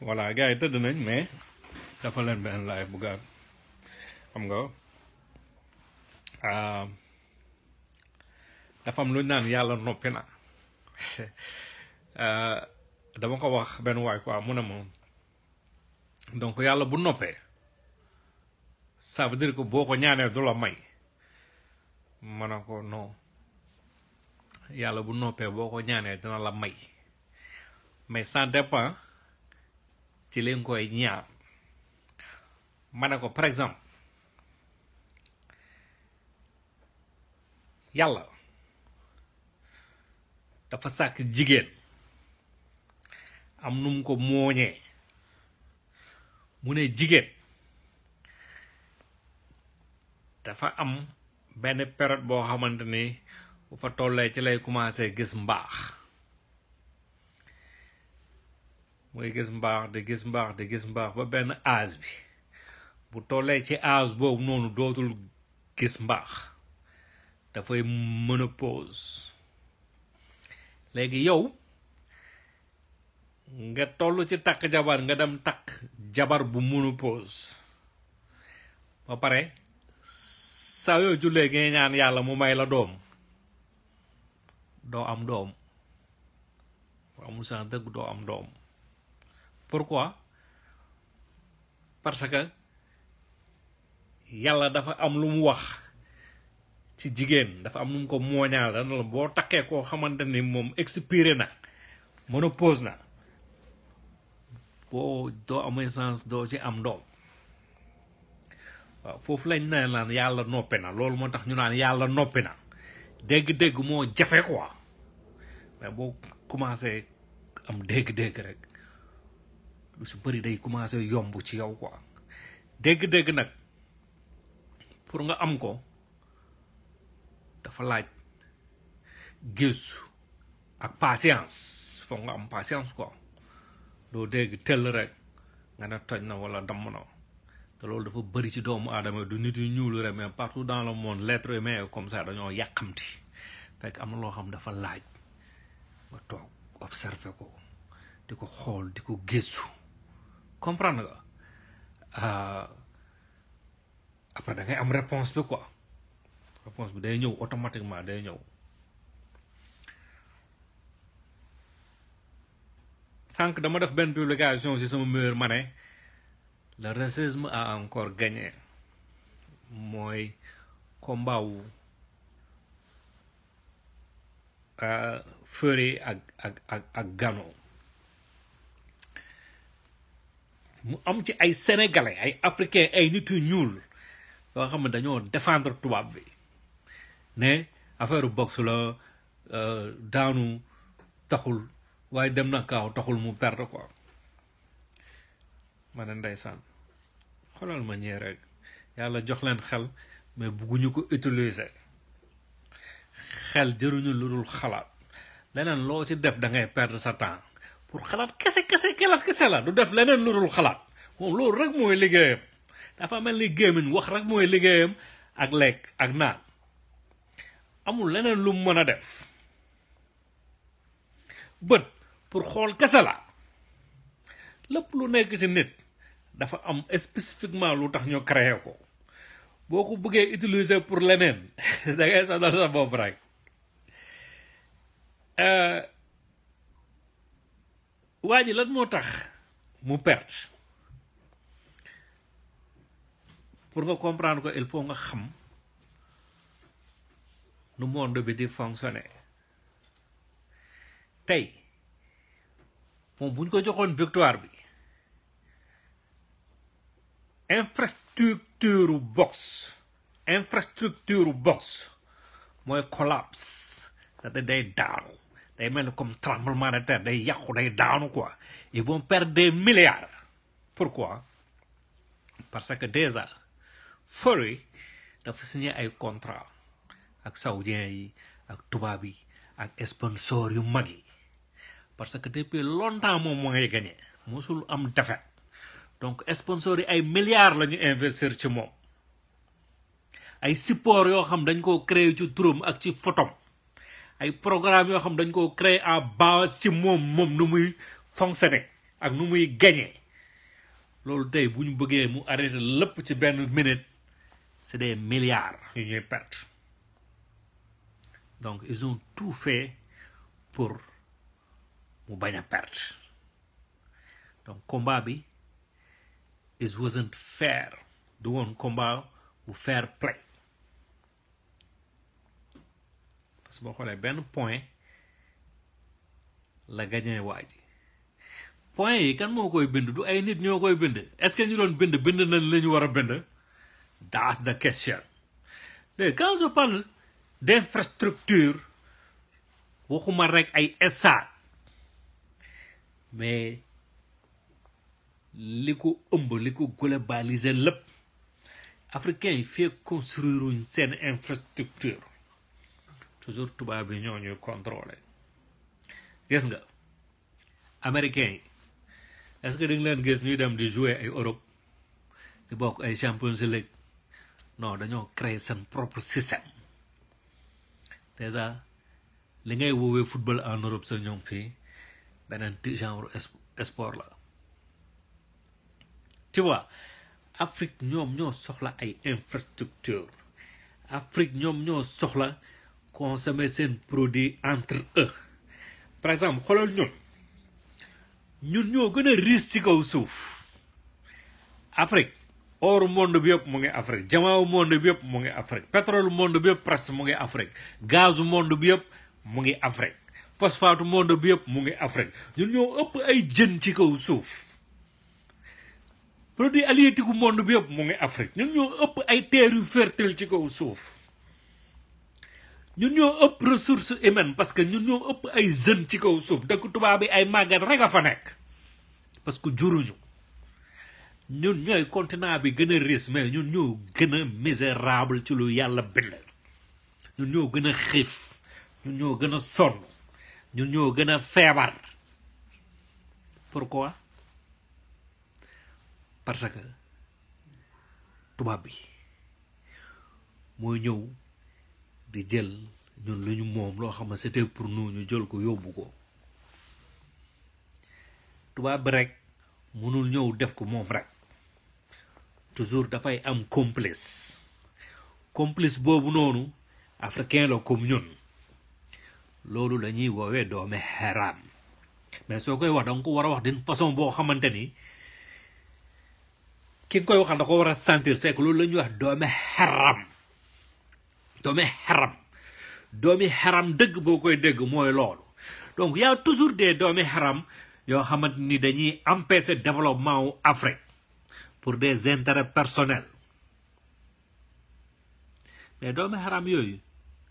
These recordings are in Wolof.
voilà gars yi tëdd nañ mais dafa benn live bu gaat xam nga ah, dafa am lu naan yàlla noppi na ah, dama ko wax benn waay quoi mu na ma donc yàlla bu noppee ça veut dire boo ko ñaanee du la may ma ko no yàlla bu noppee boo ko ñaanee dina la may mais ça dépend ci leen koy ñaar ma ne ko par exemple yàlla dafa sàkk jigéen am nu mu ko mooñee mu ne jigéen dafa am benn période boo xamante ni bu fa tollee ci lay commencé gis mbaax muy gis mbaax di gis mbaax di gis mbaax ba benn âge bi bu tollee ci âge boobu noonu dootul gis mbaax dafay ménopause léegi yow nga toll ci takk jabar nga dem takk jabar bu ménopause ba pare saa yoo jullee ngay ñaan yàlla mu may la doom doo am doom waa mu dëgg doo am doom pourquoi parce que yàlla dafa am lu mu wax ci jigéen dafa am lu mu ko mooñaal dana la boo takkee koo xamante ni moom expiré na pose na boo doo amee sens doo ci am doom waaw foofu lañ ne naan yàlla noppi na loolu moo tax ñu naan yàlla noppi na dégg-dégg moo jafe quoi mais boo commencé am dégg-dégg rek lu su bëri day commencé yomb ci yow quoi dégg-dégg nag pour nga am ko dafa laaj gëstu ak patience foog nga am patience quoi loo dégg tell rek nga ne toj na wala damm na te loolu dafa bëri ci doomu aadama du nit yu ñuul rek mais partout dans le monde mais humain comme ça dañoo yàqamti fekk am na loo xam dafa laaj nga toog observé ko di ko xool di ko gëstu comprendre nga ah, après da am réponse bi quoi réponse bi day ñëw automatiquement day ñëw sànq dama def benn publication si sama mur ma la le racisme a encore gagné mooy combat wu ah, Feury ak ak ak ak Gano mu am ci ay sénégalais ay africains ay nit yu ñuul yoo xam ne dañoo défendre tubaab bi ne affaire boxe la euh, daanu taxul waaye dem na kaaw taxul mu perdre quoi ma ne ndeysaan xoolal ma ñee rek yàlla jox leen xel mais bugguñu ko utiliser xel jëruñu lu dul xalaat leneen loo ci def da ngay perdre sa temps. pour xalaat kese kese xalaat kese la du def leneen lu dul xalaat moom loolu rek mooy liggéeyam dafa mel ni gémmiñ wax rek mooy liggéeyam ak lekk ak naan amul leneen lu mën a def bët pour xool kese la lépp lu nekk ci nit dafa am spécifiquement lu tax ñu créé ko boo ko buggee utiliser pour leneen da ngay sonal sa bopp rek euh, waa ji lan moo tax mu perte pour nga comprendre ko il faut nga xam nu monde bi di fonctionner tey moom bu ko joxoon victoire bi infrastructure box infrastructure box mooy collapse da day daanu day mel ni comme tremblement de terre day yàqu day daanu quoi ils vont perdre des milliards pourquoi parce que déjà Fori dafa signé ay contrat ak saoudien yi ak tubaab yi ak sponsor yu mag yi parce que depuis longtemps moom moo ngay gagné mosul am defet donc sponsor yi ay milliards la ñu investir ci moom ay support yoo xam dañ ko créer ci turam ak ci fotom ay programme yoo xam dañ koo créer à base ci moom moom nu muy fonctionner ak nu muy gagner loolu tey bu ñu bëggee mu arrêter lépp ci benn minute c'est des milliards yu ñuy perte donc ils ont tout fait pour mu bañ a perte donc combat bi it wasn't fair du woon combat bu fair play su que boo xoolee benn point la gañee waa ji point yi kan moo koy bind du ay nit ñoo koy bind est-ce que ñu doon bind bind nañ la ñu war a bind that's the question léegi quand je parle d'infrastructure waxuma rek ay estaad mais li ko ëmb li ko globaliser lépp africain fee construire seen infrastructure toujours tubaab bi ñoo ñuy contrôlé gis nga américains yi est-ce que di nga leen gis ñuy dem di jouer ay Europe di bokk ay Champions League non dañoo créer seen propre système déjà li ngay woowee football en Europe sa ñoom fii beneen genre sport la tu vois Afrique ñoom ñoo soxla ay infrastructure Afrique ñoom ñoo soxla consommer seen produit entre eux par exemple xoolal ñun ñun ñoo gën a riis ci kaw suuf Afrique or monde bi yëpp mu ngi Afrique jamaaw monde bi yëpp mu ngi Afrique pétrole monde bi yëpp presque mu ngi Afrique gazu monde bi yëpp mu ngi Afrique phosphate monde bi yëpp mu ngi Afrique ñun ñoo ëpp ay jën ci kaw suuf produit halieutique monde bi yëpp mu ngi Afrique ñun ñoo ëpp ay terres yu fertile ci kaw suuf ñun ñoo ëpp ressource humaine parce que ñun ñoo ëpp ay jeunes ci kaw suuf dëkk tubaab bi ay màggat rek a fa nekk parce que juruñu ñun ñooy continent bi gën a riche mais ñun ñoo gën a misérable ci lu yàlla bind ñun ñoo gën a xiif ñun ñoo gën a sonn ñun ñoo gën a feebar pourquoi parce que tubaab bi mooy ñëw di jël ñun lu ñu moom loo xam ne c'était pour nous ñu jël ko yóbbu ko tubaab bi rek mënul ñëw def ko moom rek toujours dafay am complice complice boobu noonu africain la comme ñun loolu la ñuy woowee doome xaraam mais soo koy wax danga ko war a wax d'une façon boo xamante ni ki nga koy waxal da ko war a sentir c'est que loolu la ñuy wax doome xaraam doomi haram doomi haram deug bokoy deug moy lolu donc donc y a toujours des doomi haram yo xamanteni ni dañuy empêcher développement wu Afrique pour des intérêts personnels mais doomi haram yoy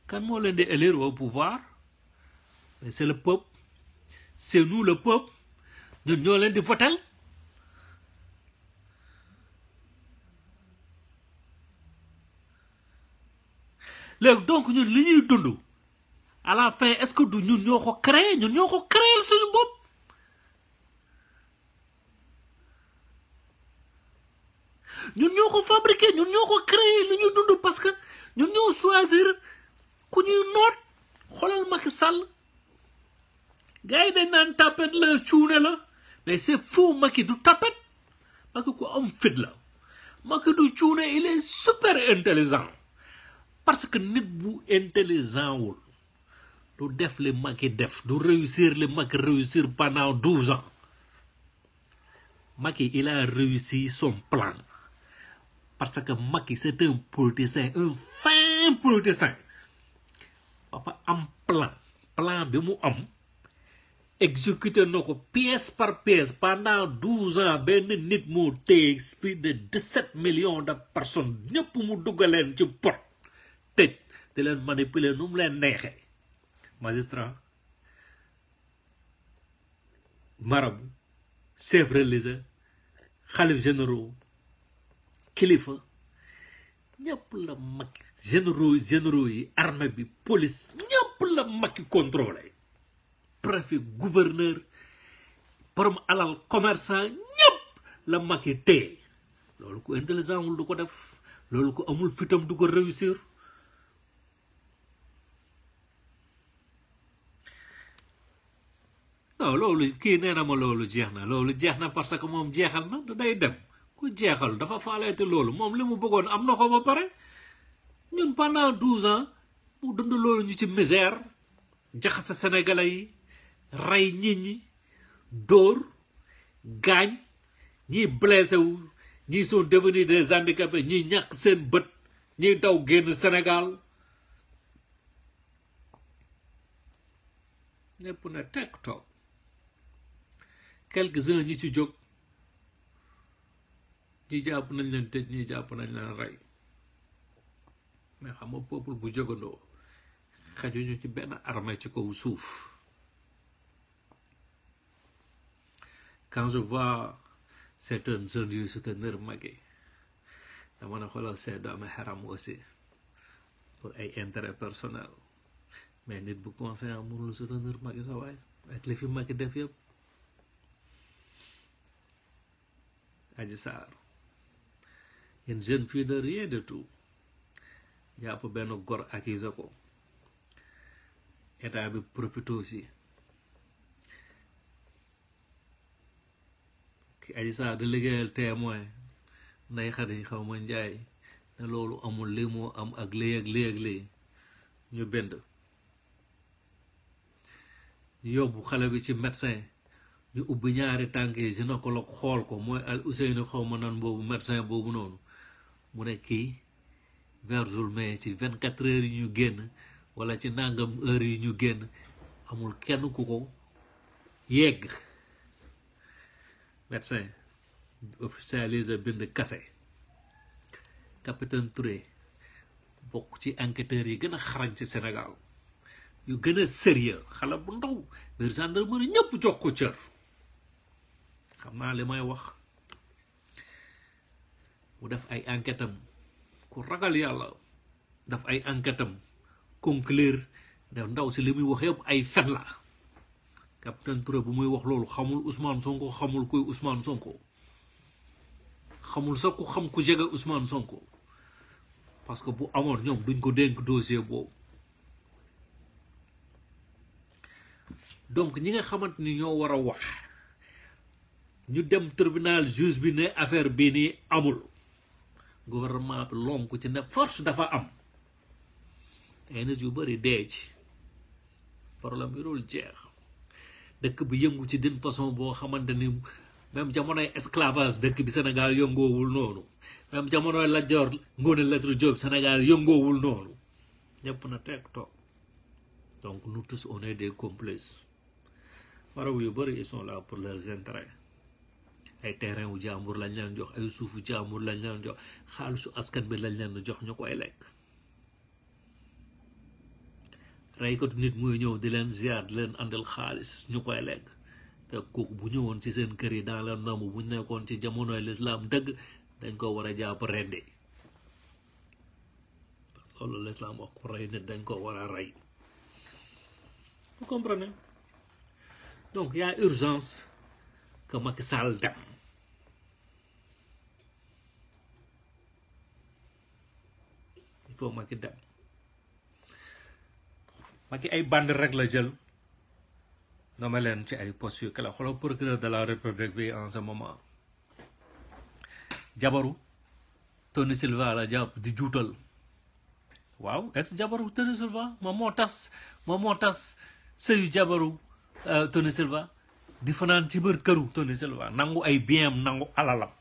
kan mo len di élire au pouvoir c'est le peuple c'est nous le peuple de ñoo leen di votel Leur donc nous nous ñuy à la fin est-ce que nous ñun nous, créé ñun ñoo nous, créé seul nous ñun nous, nous fabriqué ñun nous nous créé parce que nous nous choisir que nous nous nous, nous, tapet le nous, mais c'est fou nous du tapet Macky ku am fit la du il est super intelligent parce que nit bu intelligent wul du def le Macky def du réussir le Macky réussir pendant 12 ans maki il a réussi son plan parce que maki c'est un politicien un fin politicien papa am plan plan bi mu am exécuter noko pièce par pièce pendant 12 ans ben nit moo téye de 17 millions de personnes ñep mu dugaleen ci porte. Tête de leen manipuler magistrat marabout, chef religieux généraux kilifa la généraux généraux armée police la préfet gouverneur alal commerçant la intelligent def ko amul fitam réussir non loolu kii nee na ma loolu jeex na loolu jeex na parce que moom jeexal na du day dem ku jeexal dafa faaleete loolu moom li mu bëggoon am na ko ba pare ñun pendant douze ans mu dund loolu ñu ci misère jaxase sénégalais yi rey nit ñi dóor gaañ ñii blessé wu ñii sont devenus des handicapés ñii ñàkk seen bët ñii daw génn Sénégal ñépp na teg toog quelques-uns ñi ci jóg ñi jàpp nañ leen tëj ñi jàpp nañ leen rey mais xam nga peuple bu jógandoo xajuñu ci benn armée ci kaw suuf quand je vois certains jeunes yuy soutenir Macky dama ne xoolal see doomi xaram aussi pour ay intérêt personnel mais nit bu conseil mënul soutenir Macky sa waay ak li fi Macky def yëpp Adji Sarr jeune fille de rien du tout jàpp benn góor accusé ko état bi profité aussi ki Adji Sarr liggéeyal témoin nday yi xaw ma njaay ne loolu amul lii moo am ak lii ak lii ak lii ñu bind ñu xale bi ci médecin di ubbi ñaari tànk yi gynécologue xool ko mooy al Ousseynou xaw ma nan boobu médecin boobu noonu mu ne kii versul mais ci vingt quatre heures yi ñu génn wala ci nangam heure yi ñu génn amul kenn ku ko yegg médecin officialise bind kase capitaine Touré bokk ci enquêteurs yi gën a xarañ ci Sénégal yu gën a sérieux xale bu ndaw biir gendarmerie ñëpp jox ko cër xamna limay wax mu def ay enquêteam ku ragal yalla def ay enquêteam conclure da ndaw si limuy wax yeb ay fen la capitaine Touré bu muy wax lolou xamul Ousmane Sonko xamul kuy Ousmane Sonko xamul sa ku xam ku jégal Ousmane Sonko parce que bu amone ñom duñ ko denk dossier bo donc ñi nga xamanteni ñoo ya, wax ñu dem tribunal juge bi ne affaire bii nii amul gouvernement bi loom ci ne force dafa am ay yu bëri dee ci problème yu dul jeex dëkk bi yëngu ci din façon boo xamante ni même jamonoy esclavage dëkk bi Sénégal yëngoowul noonu même jamonoy Lat Joor Ngoone Latyr Joob Sénégal yëngoowul noonu ñëpp na teg toog donc nous tous on est des complices faraw yu bëri ils sont là pour leurs intérêts ay terrain wu jàmbur lañ leen jox ay suufu jàmbur lañ leen jox xaalisu askan bi lañ leen jox ñu koy lekk reykatu nit muy ñëw di leen ziar di leen àndal xaalis ñu koy lekk te kooku bu ñëwoon ci seen kër yi daan leen nangu bu nekkoon ci jamonoy lislaam dëgg dañ ko war a jàpp rendi loolu lislaam wax ku rey nit dañ ko war a rey vous comprenez donc y urgence que Macky Sall dem foo ma ki dem ma ki ay bande rek la jël nommé leen ci ay postes yu kala xoolal procureur de la république bi en ce moment jabaru Tony Silva la jàpp di juutal waaw ex jabaru Tony Silva moom tas moom tas jabaru eh, Tony Silva di fanan ci biir këru Tony Silva nangu ay bienam nangu alalam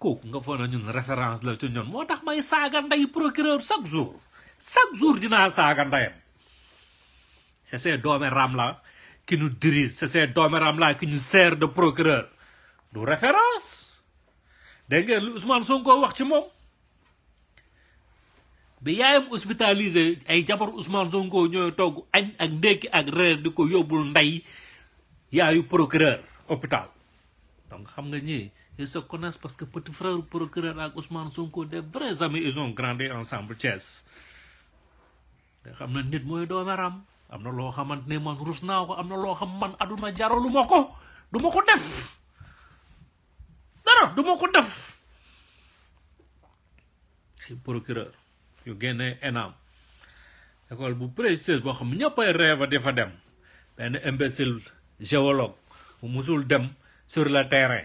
kooku nga foog na ñun référence la ci moo tax may saaga ndey procureur chaque jour chaque jour dinaa saaga ndeyam c'est ces dooméram là qui nous dirige c'est ces dooméram là qui nous sert de procureur du référence dégg ngeen lu Ousmane Sonko wax ci moom bi yaayam hospitalisé ay jabar Ousmane Sonko ñooy togg añ ak ndékki ak reer di ko yóbbul ndey yaayu procureur hôpital donc xam nga ñi et se connaissent parce que petit frère procureur à Ousmane Sonko des vrais amis ils ont grandi ensemble Thiès te xam nit mooy doomeram am na loo xamante ne man rus ko am na loo xam man aduna jaro, ma ko du ma def dara du ma def ay procureur yu génne enam école bu précise boo xam ñëppay rêve di fa dem benn imbécile géologue bu musul dem sur le terrain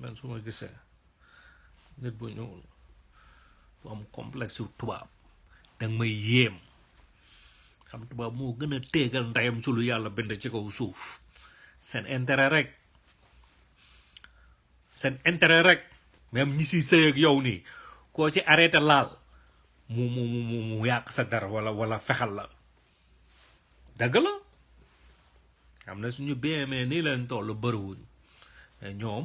man su ma gisee nit bu ñuul bu am complexe yu tubaab danga may yem xam tubaab mo gëna a téegal sen ci lu yalla bind ci kaw suuf sen intérêt rek sen intérêt rek même ñi ci sey ak yow ni ko ci arrêté laal mu mu mu mu yaq sa dara wala wala fexal la dëgg la amna suñu BME ni leen tollu ñom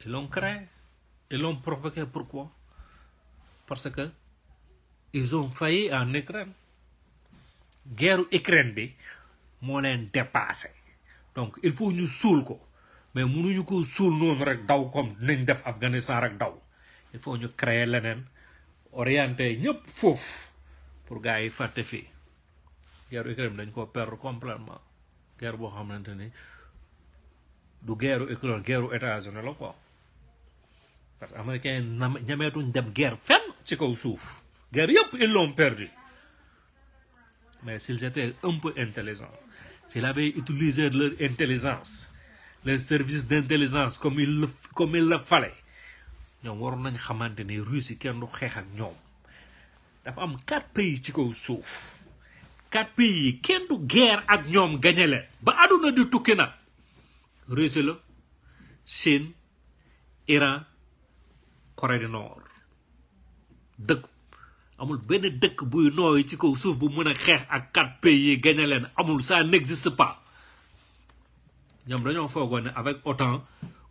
Et l'ont créé. Et l'ont provoqué. Pourquoi Parce que ils ont failli en Ukraine. Guerre Ukraine, bi moo dépassé. donc il faut ñu suul ko mais mënuñu ko suul noonu rek daw comme nañ def Afghanistan daw il faut ñu créer leneen orienté ñëpp foofu pour gars yi fàtte fii guerre Ukraine dañ ko perdre complètement guerre boo xamante du guerre Ukraine guerre États-Unis quoi parce que américain yi ñameetuñ dem guerre fenn ci kaw souf? guerre ils l'ont perdu mais s'ils étaient un peu intelligents s'ils avaient utilisé leur intelligence les services d'intelligence comme il comme il le fallait les Russes nañ xamante ni Russie kenn du avec ak Il y a quatre pays ci kaw souf? quatre pays qui kenn la guerre ak ñoom mais leen ba àdduna di tukki nag Russie Chine Iran Corée du Nord dëkk amul benn dëkk buy nooy ci kaw suuf bu mën a xeex ak quatre pays yi gañe leen amul ça n'existe pas ñoom dañoo foogoon ne avec OTAN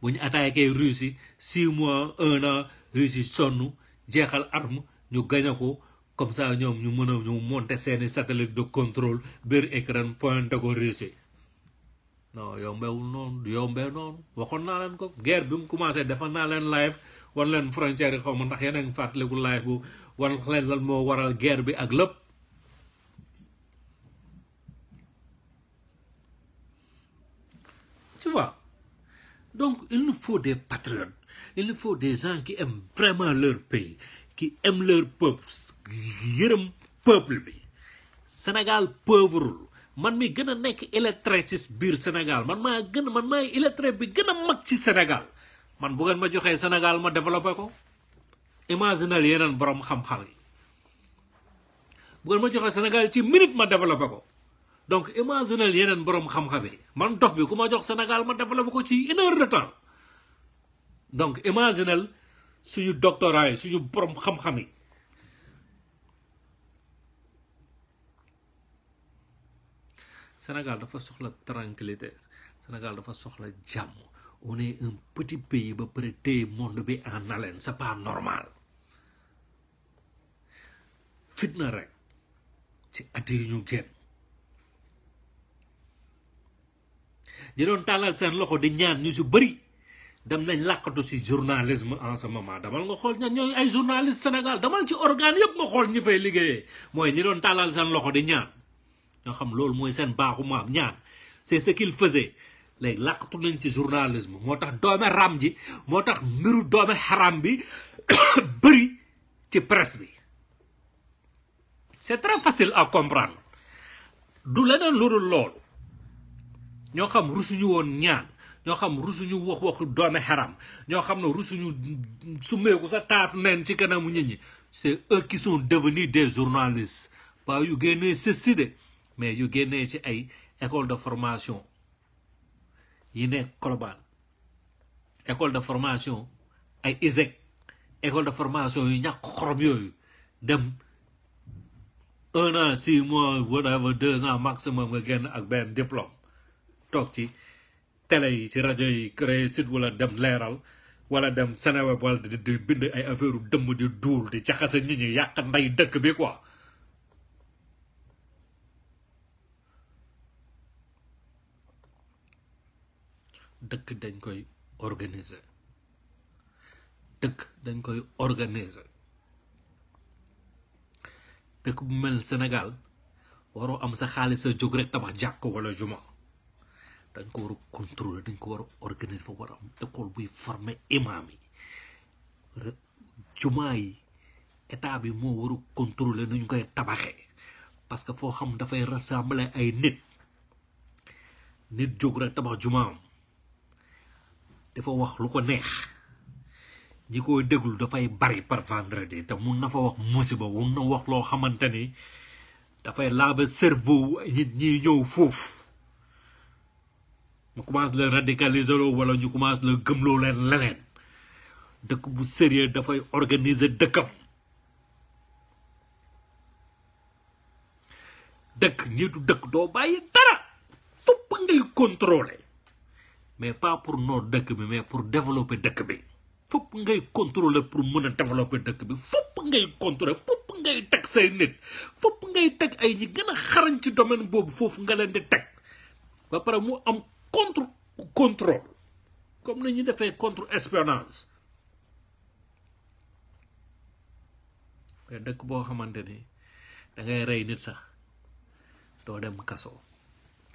bu ñu attaqué Russie six mois un an Russie sonn jeexal arme ñu gañe ko comme ça ñoom ñu mën a ñu monter seeni satellite de contrôle biir écran pointé ko Russie non yombewul noonu du yombee noonu waxoon naa leen ko guerre bi mu commencé defal naa leen live war leen frontière yi xaw ma ndax yeneen fàttaliku live bu war leen lan moo waral guerre bi ak lepp tu vois donc il nous faut des patriotes il nous faut des gens qui aiment vraiment leur pays qui aiment leur peuple yërëm peuple bi Sénégal pauvre man mi gëna nek nekk électriciste bir Sénégal man ma gëna man ma électrique bi gëna mag ci Sénégal man bu ngeen ma joxee Sénégal ma développé ko imaginal yeneen boroom xam-xam yi bu ma joxee Sénégal ci minute ma développé ko donc imaginal yeneen borom xam-xam yi man dof bi ku ma jox Sénégal ma développé ko ci une heure donc imaginal suñu doctorat yi suñu borom xam-xam yi Sénégal dafa soxla tranquillité Sénégal dafa soxla jàmm on est un petit pays ba pare téye monde bi ah, en haleine c'est pas normal fitna rek ci at yi ñu génn ñi doon tàllal seen loxo di ñaan ñu su bari dem nañ làqatu si journalisme en ce moment damal nga xool ña ñooy ay journaliste Sénégal damal ci organe yëpp nga xool ñi fay liggéeyee mooy ñi doon tàllal seen loxo di ñaan ñoo xam loolu mooy seen baaxu maam ñaan c'est ce qu'il faisait léegi làqatu nañ ci journalisme moo tax doome ram ji moo tax mbiru doome xaram bi bëri ci presse bi c'est très facile à comprendre du leneen lu dul loolu ñoo xam rusuñu woon ñaan ñoo xam rusuñu wax waxu doome xaram ñoo xam ne rusuñu sumeeku sa taat neen ci kanam nit ñi c'est eux qui sont devenus des journalistes pas yu génnee sës mais yu génnee ci ay école de formation yine global école de formation ay ISEC école de formation yu ñàkk xorom yooyu dem un an six mois whatever deux ans maximum nga génn ak benn diplôme toog ci télé yi ci rajo yi créé site wala dem leeral wala dem Seneweb wala di bind ay affaire dëmm di duul di jaxase nit ñi yàq nday dëkk bi quoi dëkk dañ koy organiser dëkk dañ koy organiser dëkk bu mel Sénégal waroo am sa xaalis sa jóg rek tabax jàkk wala juma dañ ko war a dañ ko war a organiser fa war a am école buy former imam yi juma yi état bi moo war a contrôler koy tabaxee parce que foo xam dafay rassembler ay nit nit jóg rek tabax jumaam dafa wax lu ko neex ñi koy déglu dafay bari par vendredi te mun na fa wax musiba mun na wax loo xamante ni dafay laaba cerveau nit ñi ñëw foofu ñu commence la radicaliser loo wala ñu commence la gëmloo leen leneen dëkk bu sérieux dafay organiser dëkkam dëkk njiitu dëkk doo bàyyi dara fopp ngay contrôler mais pas pour noor dëkk bi mais pour développer dëkk bi fopp ngay contrôler pour mën a développer dëkk bi fopp ngay contrôler fopp ngay teg say nit fopp ngay teg ay ñi gën a xarañ ci domaine boobu foofu nga leen di teg ba pare mu am contre contrôle comme na ñu defee contre espionnage dëkk boo xamante ni da ngay rey nit sax doo dem kaso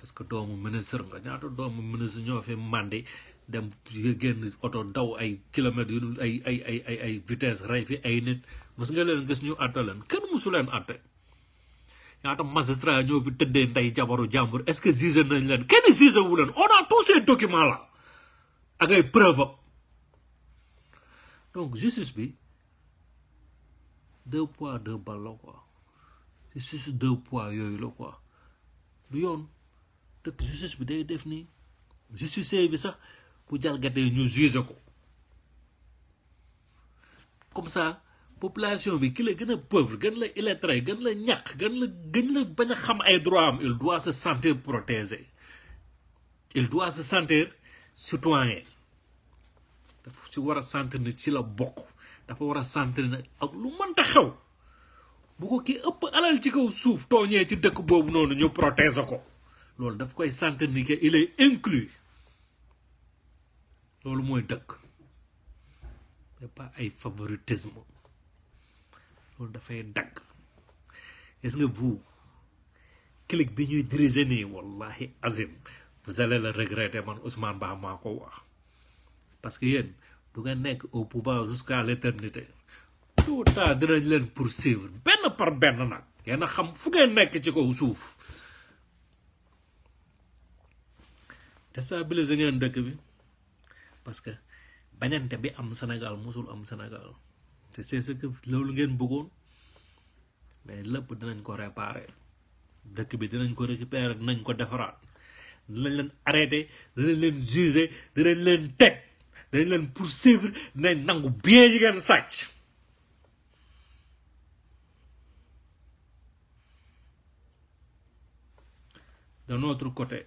parce que doomu ministre nga ñaatu doomu ministre ñoo fi mandé dem génn auto daw ay kilomètre yu ay ay ay ay ay vitesse ray fi ay nit mos nga leen gis ñu àtte leen kenn musu leen àtte ñaatu magistrat ñoo fi tëddee nday jabaru jambour est ce que gisé nañ leen kenn gisé wu leen on a tous ces documents là ak ay preuve donc justice bi deux poids deux balles la quoi justice deux poids yoy lo quoi du yoon dëkk justice bi day def nii justice bi sax bu jalgatee ñu juge ko comme ça population bi ki la gën a pauvre gën la illettré gën la ñàkk gën la gën la bañ a xam ay droit am il doit se sentir protégé il doit se sentir citoyen dafa ci war a sentir ne ci la bokk dafa war a sentir ne ak lu mënta xew bu ko kii ëpp alal ci kaw suuf tooñee ci dëkk boobu noonu ñu protégé ko loolu daf koy sentir ni que il est loolu mooy dëkk mais pas ay favoritisme loolu dafay dagg gis nga vous clique bi ñuy diriger nii wallahi azim vous allez le regretter man Ousmane Ba maa ko wax parce que yéen du nga nekk au pouvoir jusqu'à l'éternité tout temps dinañ leen poursuivre benn par benn nag yenn a xam fu ngeen nekk ci kaw suuf dasa bile zengeen dëkk bi parce que bañante bi am Sénégal musul am Sénégal te c'est ce que lol ngeen bëggoon mais lepp dinañ ko réparer dëkk bi dinañ ko récupérer nañ ko defaraat dinañ len arrêter dinañ len juger dinañ len tek dinañ len poursuivre dinañ nangou bien yi ngeen kan, sàcc d'un autre côté